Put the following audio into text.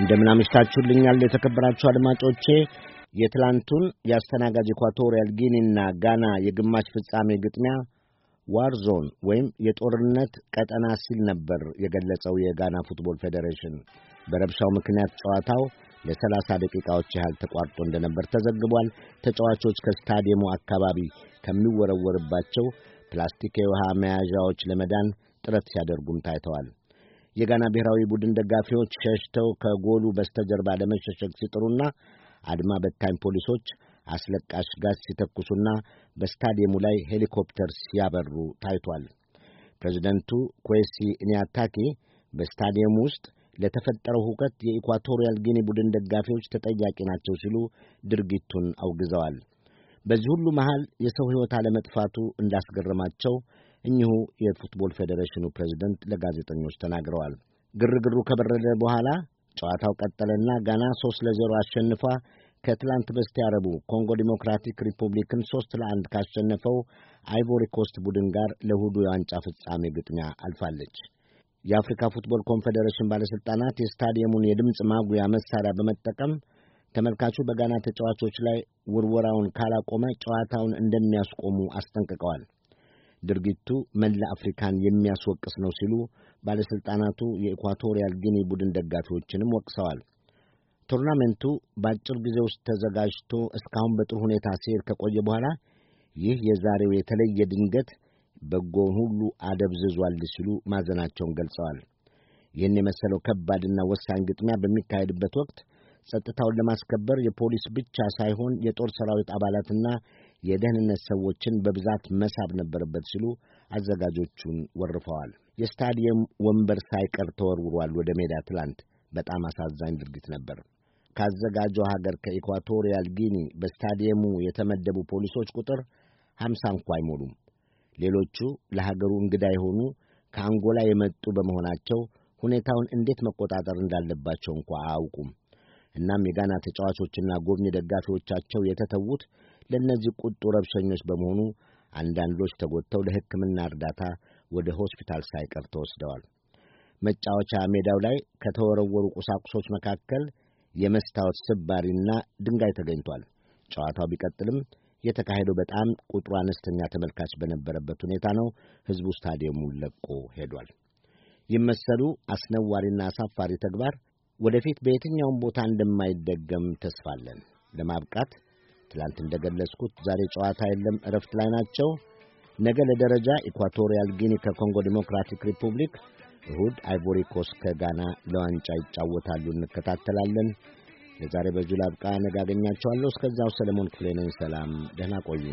እንደምን አምሽታችሁልኛል የተከበራችሁ አድማጮቼ። የትላንቱን የአስተናጋጅ ኢኳቶሪያል ጊኒና ጋና የግማሽ ፍጻሜ ግጥሚያ ዋር ዞን ወይም የጦርነት ቀጠና ሲል ነበር የገለጸው የጋና ፉትቦል ፌዴሬሽን። በረብሻው ምክንያት ጨዋታው ለ30 ደቂቃዎች ያህል ተቋርጦ እንደነበር ተዘግቧል። ተጫዋቾች ከስታዲየሙ አካባቢ ከሚወረወርባቸው ፕላስቲክ የውሃ መያዣዎች ለመዳን ጥረት ሲያደርጉም ታይተዋል። የጋና ብሔራዊ ቡድን ደጋፊዎች ሸሽተው ከጎሉ በስተጀርባ ለመሸሸግ ሲጥሩና አድማ በታኝ ፖሊሶች አስለቃሽ ጋዝ ሲተኩሱና በስታዲየሙ ላይ ሄሊኮፕተር ሲያበሩ ታይቷል። ፕሬዚደንቱ ኩዌሲ ኒያታኪ በስታዲየሙ ውስጥ ለተፈጠረው ሁከት የኢኳቶሪያል ጊኒ ቡድን ደጋፊዎች ተጠያቂ ናቸው ሲሉ ድርጊቱን አውግዘዋል። በዚህ ሁሉ መሃል የሰው ሕይወት አለመጥፋቱ እንዳስገረማቸው እኚሁ የፉትቦል ፌዴሬሽኑ ፕሬዚደንት ለጋዜጠኞች ተናግረዋል። ግርግሩ ከበረደ በኋላ ጨዋታው ቀጠለና ጋና ሦስት ለዜሮ አሸንፏ ከትላንት በስቲያ ረቡዕ ኮንጎ ዲሞክራቲክ ሪፑብሊክን ሦስት ለአንድ ካሸነፈው አይቮሪ ኮስት ቡድን ጋር ለእሁዱ የዋንጫ ፍጻሜ ግጥሚያ አልፋለች። የአፍሪካ ፉትቦል ኮንፌዴሬሽን ባለሥልጣናት የስታዲየሙን የድምፅ ማጉያ መሳሪያ በመጠቀም ተመልካቹ በጋና ተጫዋቾች ላይ ውርወራውን ካላቆመ ጨዋታውን እንደሚያስቆሙ አስጠንቅቀዋል። ድርጊቱ መላ አፍሪካን የሚያስወቅስ ነው ሲሉ ባለሥልጣናቱ የኢኳቶሪያል ጊኒ ቡድን ደጋፊዎችንም ወቅሰዋል። ቱርናሜንቱ በአጭር ጊዜ ውስጥ ተዘጋጅቶ እስካሁን በጥሩ ሁኔታ ሲሄድ ከቆየ በኋላ ይህ የዛሬው የተለየ ድንገት በጎውን ሁሉ አደብዝዟል ሲሉ ማዘናቸውን ገልጸዋል። ይህን የመሰለው ከባድና ወሳኝ ግጥሚያ በሚካሄድበት ወቅት ጸጥታውን ለማስከበር የፖሊስ ብቻ ሳይሆን የጦር ሰራዊት አባላትና የደህንነት ሰዎችን በብዛት መሳብ ነበረበት ሲሉ አዘጋጆቹን ወርፈዋል። የስታዲየም ወንበር ሳይቀር ተወርውሯል ወደ ሜዳ። ትላንት በጣም አሳዛኝ ድርጊት ነበር። ካዘጋጀው ሀገር ከኢኳቶሪያል ጊኒ በስታዲየሙ የተመደቡ ፖሊሶች ቁጥር ሀምሳ እንኳ አይሞሉም። ሌሎቹ ለሀገሩ እንግዳ የሆኑ ከአንጎላ የመጡ በመሆናቸው ሁኔታውን እንዴት መቆጣጠር እንዳለባቸው እንኳ አያውቁም። እናም የጋና ተጫዋቾችና ጎብኚ ደጋፊዎቻቸው የተተዉት ለእነዚህ ቁጡ ረብሸኞች በመሆኑ አንዳንዶች ተጎድተው ለሕክምና እርዳታ ወደ ሆስፒታል ሳይቀር ተወስደዋል። መጫወቻ ሜዳው ላይ ከተወረወሩ ቁሳቁሶች መካከል የመስታወት ስባሪና ድንጋይ ተገኝቷል። ጨዋታው ቢቀጥልም የተካሄደው በጣም ቁጥሩ አነስተኛ ተመልካች በነበረበት ሁኔታ ነው። ሕዝቡ ስታዲየሙን ለቆ ሄዷል። ይመሰሉ አስነዋሪና አሳፋሪ ተግባር ወደፊት በየትኛውም ቦታ እንደማይደገም ተስፋለን። ለማብቃት ትላንት እንደገለጽኩት ዛሬ ጨዋታ የለም፣ እረፍት ላይ ናቸው። ነገ ለደረጃ ኢኳቶሪያል ጊኒ ከኮንጎ ዲሞክራቲክ ሪፑብሊክ፣ እሁድ አይቮሪኮስ ከጋና ለዋንጫ ይጫወታሉ። እንከታተላለን። ለዛሬ በዚሁ ላብቃ። ነገ አገኛቸዋለሁ። እስከዚያው ሰለሞን ክፍሌ ነኝ። ሰላም፣ ደህና ቆዩ።